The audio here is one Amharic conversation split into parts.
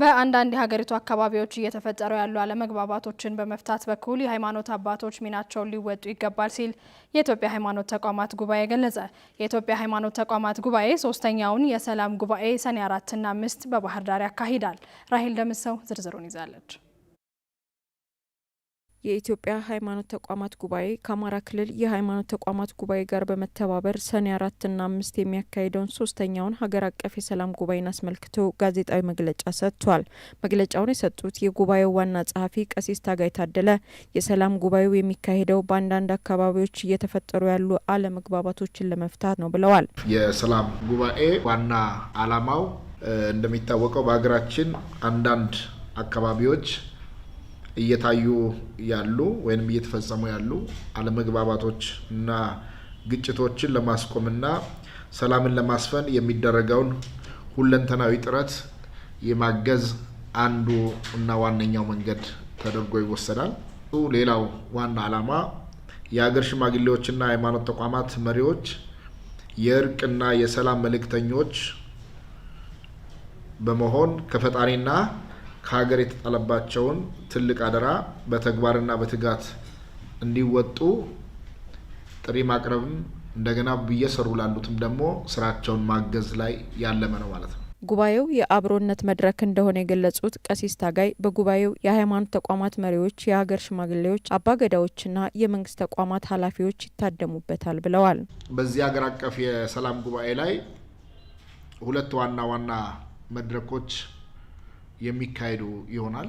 በአንዳንድ የሀገሪቱ አካባቢዎች እየተፈጠሩ ያሉ አለመግባባቶችን በመፍታት በኩል የሃይማኖት አባቶች ሚናቸውን ሊወጡ ይገባል ሲል የኢትዮጵያ ሃይማኖት ተቋማት ጉባኤ ገለጸ። የኢትዮጵያ ሃይማኖት ተቋማት ጉባኤ ሶስተኛውን የሰላም ጉባኤ ሰኔ አራትና አምስት በባህር ዳር ያካሂዳል። ራሄል ደምሰው ዝርዝሩን ይዛለች። የኢትዮጵያ ሃይማኖት ተቋማት ጉባኤ ከአማራ ክልል የሃይማኖት ተቋማት ጉባኤ ጋር በመተባበር ሰኔ አራትና አምስት የሚያካሂደውን ሶስተኛውን ሀገር አቀፍ የሰላም ጉባኤን አስመልክቶ ጋዜጣዊ መግለጫ ሰጥቷል። መግለጫውን የሰጡት የጉባኤው ዋና ጸሐፊ ቀሲስ ታጋይ ታደለ የሰላም ጉባኤው የሚካሄደው በአንዳንድ አካባቢዎች እየተፈጠሩ ያሉ አለመግባባቶችን ለመፍታት ነው ብለዋል። የሰላም ጉባኤ ዋና ዓላማው እንደሚታወቀው በሀገራችን አንዳንድ አካባቢዎች እየታዩ ያሉ ወይም እየተፈጸሙ ያሉ አለመግባባቶች እና ግጭቶችን ለማስቆምና ሰላምን ለማስፈን የሚደረገውን ሁለንተናዊ ጥረት የማገዝ አንዱ እና ዋነኛው መንገድ ተደርጎ ይወሰዳል። ሌላው ዋና ዓላማ የሀገር ሽማግሌዎችና ሃይማኖት ተቋማት መሪዎች የእርቅና የሰላም መልእክተኞች በመሆን ከፈጣሪና ከሀገር የተጣለባቸውን ትልቅ አደራ በተግባርና በትጋት እንዲወጡ ጥሪ ማቅረብም እንደገና እየሰሩ ላሉትም ደግሞ ስራቸውን ማገዝ ላይ ያለመ ነው ማለት ነው። ጉባኤው የአብሮነት መድረክ እንደሆነ የገለጹት ቀሲስ ታጋይ በጉባኤው የሃይማኖት ተቋማት መሪዎች፣ የሀገር ሽማግሌዎች፣ አባገዳዎችና የመንግስት ተቋማት ኃላፊዎች ይታደሙበታል ብለዋል። በዚህ ሀገር አቀፍ የሰላም ጉባኤ ላይ ሁለት ዋና ዋና መድረኮች የሚካሄዱ ይሆናል።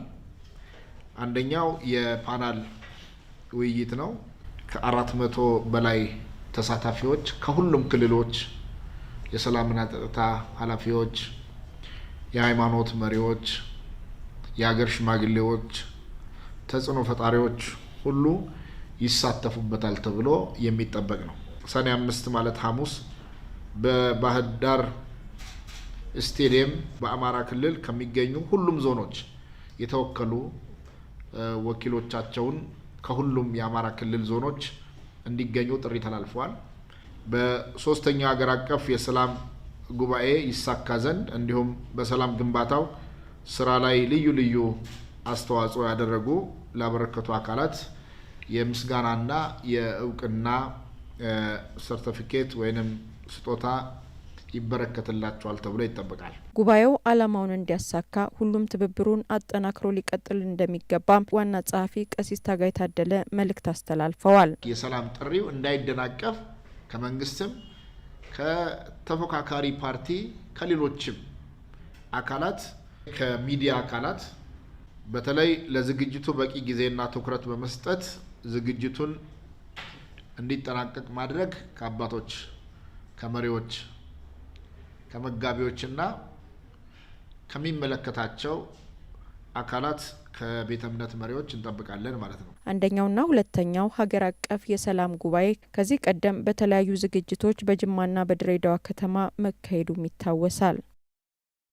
አንደኛው የፓናል ውይይት ነው። ከአራት መቶ በላይ ተሳታፊዎች ከሁሉም ክልሎች የሰላምና ጸጥታ ኃላፊዎች፣ የሃይማኖት መሪዎች፣ የሀገር ሽማግሌዎች፣ ተጽዕኖ ፈጣሪዎች ሁሉ ይሳተፉበታል ተብሎ የሚጠበቅ ነው። ሰኔ አምስት ማለት ሐሙስ በባህር ዳር ስቴዲየም በአማራ ክልል ከሚገኙ ሁሉም ዞኖች የተወከሉ ወኪሎቻቸውን ከሁሉም የአማራ ክልል ዞኖች እንዲገኙ ጥሪ ተላልፈዋል። በሶስተኛው ሀገር አቀፍ የሰላም ጉባኤ ይሳካ ዘንድ እንዲሁም በሰላም ግንባታው ስራ ላይ ልዩ ልዩ አስተዋጽኦ ያደረጉ ላበረከቱ አካላት የምስጋናና የእውቅና ሰርተፊኬት ወይንም ስጦታ ይበረከትላቸዋል ተብሎ ይጠበቃል። ጉባኤው ዓላማውን እንዲያሳካ ሁሉም ትብብሩን አጠናክሮ ሊቀጥል እንደሚገባ ዋና ጸሐፊ ቀሲስ ታጋይ ታደለ መልእክት አስተላልፈዋል። የሰላም ጥሪው እንዳይደናቀፍ ከመንግስትም ከተፎካካሪ ፓርቲ ከሌሎችም አካላት ከሚዲያ አካላት በተለይ ለዝግጅቱ በቂ ጊዜና ትኩረት በመስጠት ዝግጅቱን እንዲጠናቀቅ ማድረግ ከአባቶች ከመሪዎች ከመጋቢዎችና ከሚመለከታቸው አካላት ከቤተ እምነት መሪዎች እንጠብቃለን ማለት ነው። አንደኛውና ሁለተኛው ሀገር አቀፍ የሰላም ጉባኤ ከዚህ ቀደም በተለያዩ ዝግጅቶች በጅማና በድሬዳዋ ከተማ መካሄዱም ይታወሳል።